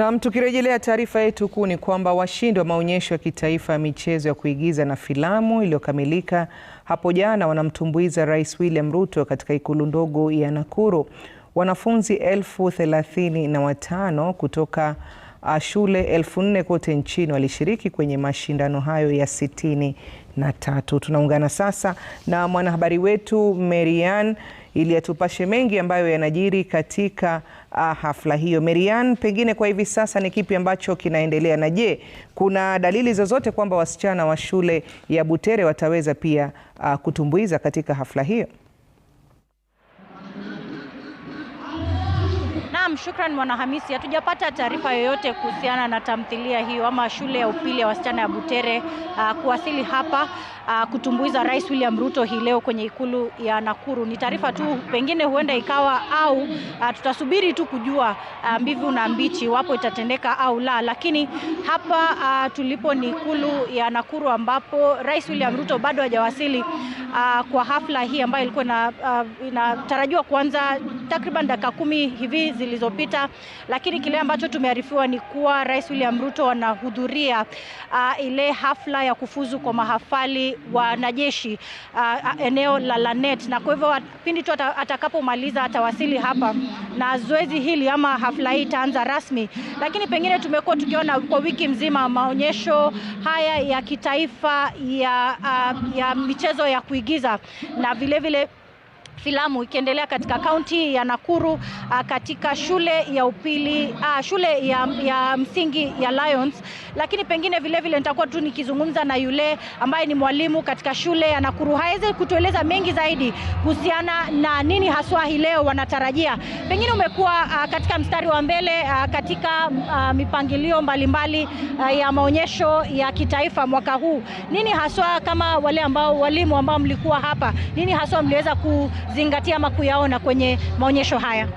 Nam, tukirejelea taarifa yetu kuu ni kwamba washindi wa maonyesho ya kitaifa ya michezo ya kuigiza na filamu iliyokamilika hapo jana wanamtumbuiza Rais William Ruto katika ikulu ndogo ya Nakuru. Wanafunzi elfu thelathini na watano kutoka ah, shule elfu nne kote nchini walishiriki kwenye mashindano hayo ya sitini na tatu. Tunaungana sasa na mwanahabari wetu Merian ili atupashe mengi ambayo yanajiri katika ah, hafla hiyo. Merian, pengine kwa hivi sasa ni kipi ambacho kinaendelea, na je, kuna dalili zozote kwamba wasichana wa shule ya Butere wataweza pia uh, kutumbuiza katika hafla hiyo? Naam, shukran Mwanahamisi. Hatujapata taarifa yoyote kuhusiana na tamthilia hiyo ama shule ya upili ya wasichana ya Butere uh, kuwasili hapa uh, kutumbuiza Rais William Ruto hii leo kwenye ikulu ya Nakuru. Ni taarifa tu, pengine huenda ikawa au uh, tutasubiri tu kujua uh, mbivu na mbichi, iwapo itatendeka au la, lakini hapa uh, tulipo ni ikulu ya Nakuru ambapo Rais William Ruto bado hajawasili uh, kwa hafla hii ambayo ilikuwa uh, inatarajiwa uh, kuanza takriban dakika kumi hivi zilizopita, lakini kile ambacho tumearifiwa ni kuwa Rais William Ruto anahudhuria uh, ile hafla ya kufuzu kwa mahafali wanajeshi uh, uh eneo la Lanet, na kwa hivyo pindi tu atakapomaliza atawasili hapa na zoezi hili ama hafla hii itaanza rasmi. Lakini pengine tumekuwa tukiona kwa wiki mzima maonyesho haya ya kitaifa ya, uh, ya michezo ya kuigiza na vilevile vile filamu ikiendelea katika kaunti ya Nakuru uh, katika shule ya upili uh, shule ya, ya msingi ya Lions, lakini pengine vile vile nitakuwa tu nikizungumza na yule ambaye ni mwalimu katika shule ya Nakuru. Hawezi kutueleza mengi zaidi kuhusiana na nini haswa hii leo wanatarajia. Pengine umekuwa uh, katika mstari wa mbele uh, katika uh, mipangilio mbalimbali mbali, uh, ya maonyesho ya kitaifa mwaka huu. Nini haswa kama wale ambao walimu ambao mlikuwa hapa, nini haswa mliweza ku kuzingatia ama kuyaona kwenye maonyesho haya?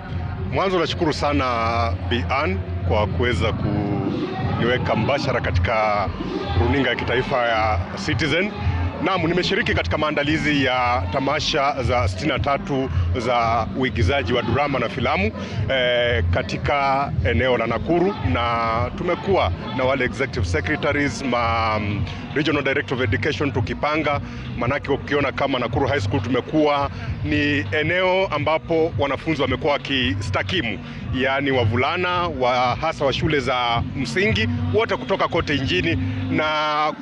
Mwanzo nashukuru sana Bian kwa kuweza kuniweka mbashara katika runinga ya kitaifa ya Citizen. Naam, nimeshiriki katika maandalizi ya tamasha za 63 za uigizaji wa drama na filamu eh, katika eneo la Nakuru, na tumekuwa na wale executive secretaries ma um, regional director of education tukipanga, manake ukiona kama Nakuru High School tumekuwa ni eneo ambapo wanafunzi wamekuwa wakistakimu, yaani wavulana wa hasa wa shule za msingi wote kutoka kote nchini, na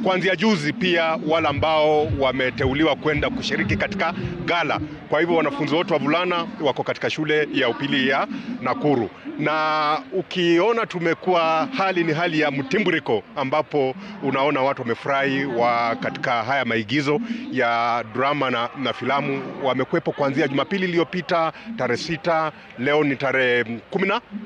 kuanzia juzi pia wale ambao wameteuliwa kwenda kushiriki katika gala. Kwa hivyo wanafunzi wote wavulana wako katika shule ya upili ya Nakuru, na ukiona tumekuwa hali ni hali ya mtimbriko ambapo unaona watu wamefurahi wa katika haya maigizo ya drama na, na filamu wamekwepo kuanzia Jumapili iliyopita tarehe sita. Leo ni tarehe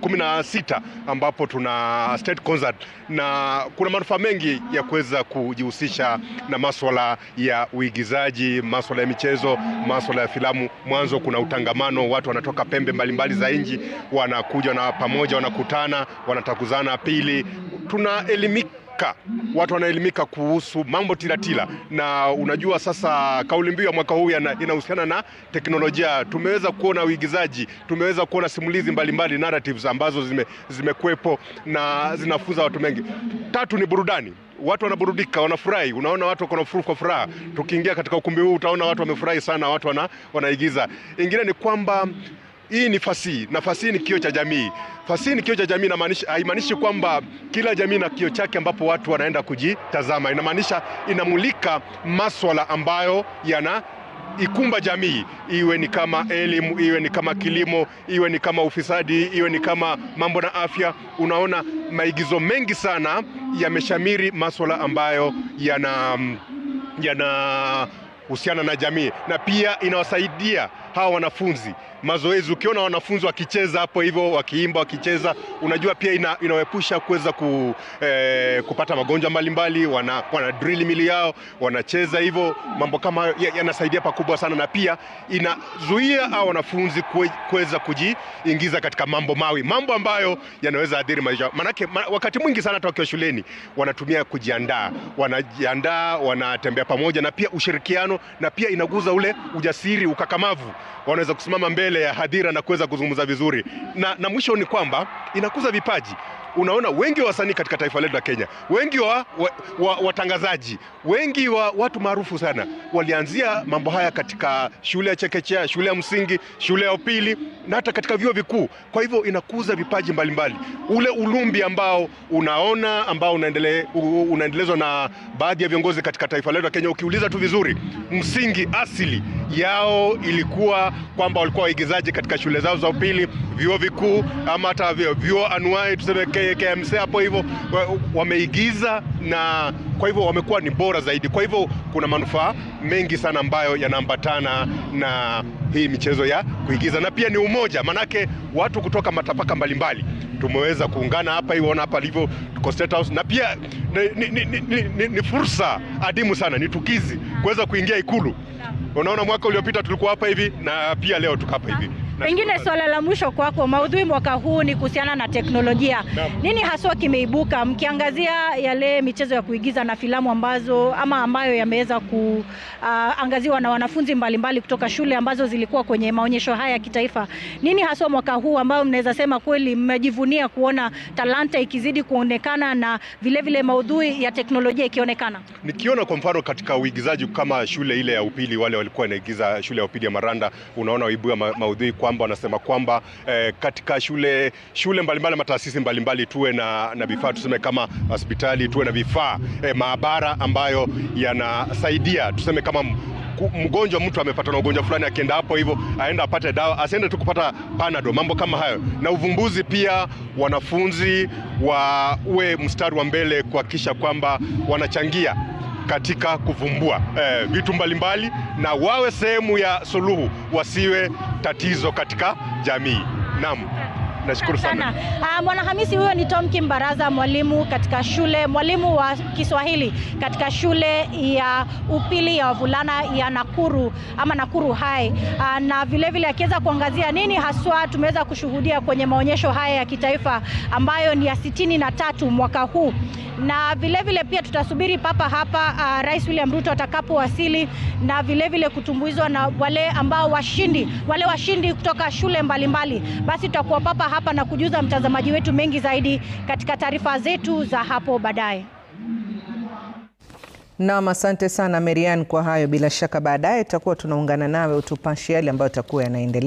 kumi na sita ambapo tuna state concert, na kuna manufaa mengi ya kuweza kujihusisha na maswala ya uigizaji, maswala ya michezo, maswala ya filamu. Mwanzo kuna utangamano, watu wanatoka pembe mbalimbali za nchi wanakuja na pamoja, wanakutana, wanatakuzana pili, tunaelimika mwaka watu wanaelimika kuhusu mambo tilatila tila. Na unajua sasa kauli mbiu ya mwaka huu inahusiana na teknolojia. Tumeweza kuona uigizaji, tumeweza kuona simulizi mbalimbali mbali, narratives ambazo zimekuwepo zime na zinafunza watu mengi. Tatu ni burudani watu wanaburudika, wanafurahi. Unaona watu wako kwa furaha. Tukiingia katika ukumbi huu, utaona watu wamefurahi sana, watu wana, wanaigiza. Ingine ni kwamba hii ni fasihi na fasihi ni kio cha jamii. Fasihi ni kio cha jamii, haimaanishi kwamba kila jamii na kio chake ambapo watu wanaenda kujitazama. Inamaanisha inamulika maswala ambayo yana ikumba jamii, iwe ni kama elimu, iwe ni kama kilimo, iwe ni kama ufisadi, iwe ni kama mambo na afya. Unaona, maigizo mengi sana yameshamiri maswala ambayo yana mm, yana kuhusiana na jamii, na pia inawasaidia hawa wanafunzi mazoezi. Ukiona wanafunzi wakicheza hapo hivyo, wakiimba, wakicheza, unajua pia ina, inawepusha kuweza ku, eh, kupata magonjwa mbalimbali. Wana, wana drill mili yao, wanacheza hivyo, mambo kama hayo yanasaidia pakubwa sana, na pia inazuia hawa wanafunzi kuweza kujiingiza katika mambo mawi, mambo ambayo yanaweza adhiri maisha. Manake ma, wakati mwingi sana hata wakiwa shuleni wanatumia kujiandaa, wanajiandaa, wanatembea pamoja, na pia ushirikiano mkutano, na pia inaguza ule ujasiri, ukakamavu, wanaweza kusimama mbele ya hadhira na kuweza kuzungumza vizuri, na, na mwisho ni kwamba inakuza vipaji unaona wengi wa wasanii katika taifa letu la Kenya, wengi wa watangazaji wa, wa wengi wa watu maarufu sana walianzia mambo haya katika shule ya chekechea, shule ya msingi, shule ya upili na hata katika vyuo vikuu. Kwa hivyo inakuza vipaji mbalimbali mbali. Ule ulumbi ambao unaona ambao unaendele, unaendelezwa na baadhi ya viongozi katika taifa letu la Kenya, ukiuliza tu vizuri, msingi asili yao ilikuwa kwamba walikuwa waigizaji katika shule zao za upili, vyuo vikuu ama hata vyuo anuai tuseme KMC hapo hivyo wameigiza, na kwa hivyo wamekuwa ni bora zaidi. Kwa hivyo kuna manufaa mengi sana ambayo yanaambatana na hii michezo ya kuigiza, na pia ni umoja, manake watu kutoka matapaka mbalimbali tumeweza kuungana hapa hii, ona hapa alivyo State House, na pia ni, ni, ni, ni, ni, ni fursa adimu sana, ni tukizi kuweza kuingia ikulu. Unaona, mwaka uliopita tulikuwa hapa hivi na pia leo tuko hapa hivi. Pengine swala la mwisho kwako, maudhui mwaka huu ni kuhusiana na teknolojia. Nini haswa kimeibuka mkiangazia yale michezo ya kuigiza na filamu ambazo ama ambayo yameweza kuangaziwa uh, na wanafunzi mbalimbali mbali kutoka shule ambazo zilikuwa kwenye maonyesho haya ya kitaifa? Nini haswa mwaka huu ambao mnaweza sema kweli mmejivunia kuona talanta ikizidi kuonekana na vilevile vile maudhui ya teknolojia ikionekana? Nikiona kwa mfano katika uigizaji kama shule ile ya upili, wale walikuwa wanaigiza shule ya upili ya Maranda, unaona waibua ma maudhui kwa kwamba wanasema kwamba eh, katika shule shule mbalimbali mataasisi mbalimbali tuwe na, na vifaa tuseme kama hospitali tuwe na vifaa eh, maabara ambayo yanasaidia tuseme kama mgonjwa mtu amepata na ugonjwa fulani, akienda hapo hivyo aenda apate dawa, asiende tu kupata panado, mambo kama hayo. Na uvumbuzi pia, wanafunzi wawe mstari wa mbele kuhakikisha kwamba wanachangia katika kuvumbua eh, vitu mbalimbali na wawe sehemu ya suluhu, wasiwe tatizo katika jamii. Naam. Nashukuru sana. Uh, ah, Mwana Hamisi huyo ni Tom Kimbaraza, mwalimu katika shule, mwalimu wa Kiswahili katika shule ya upili ya wavulana ya Nakuru ama Nakuru High. Uh, na vilevile akiweza kuangazia nini haswa tumeweza kushuhudia kwenye maonyesho haya ya kitaifa ambayo ni ya sitini na tatu mwaka huu na vilevile vile pia tutasubiri papa hapa uh, Rais William Ruto atakapowasili na vilevile vile kutumbuizwa na wale ambao washindi wale washindi kutoka shule mbalimbali mbali. Basi tutakuwa papa hapa hapa na kujuza mtazamaji wetu mengi zaidi katika taarifa zetu za hapo baadaye. Nam, asante sana Marian kwa hayo. Bila shaka baadaye tutakuwa tunaungana nawe utupashe yale ambayo takuwa yanaendelea.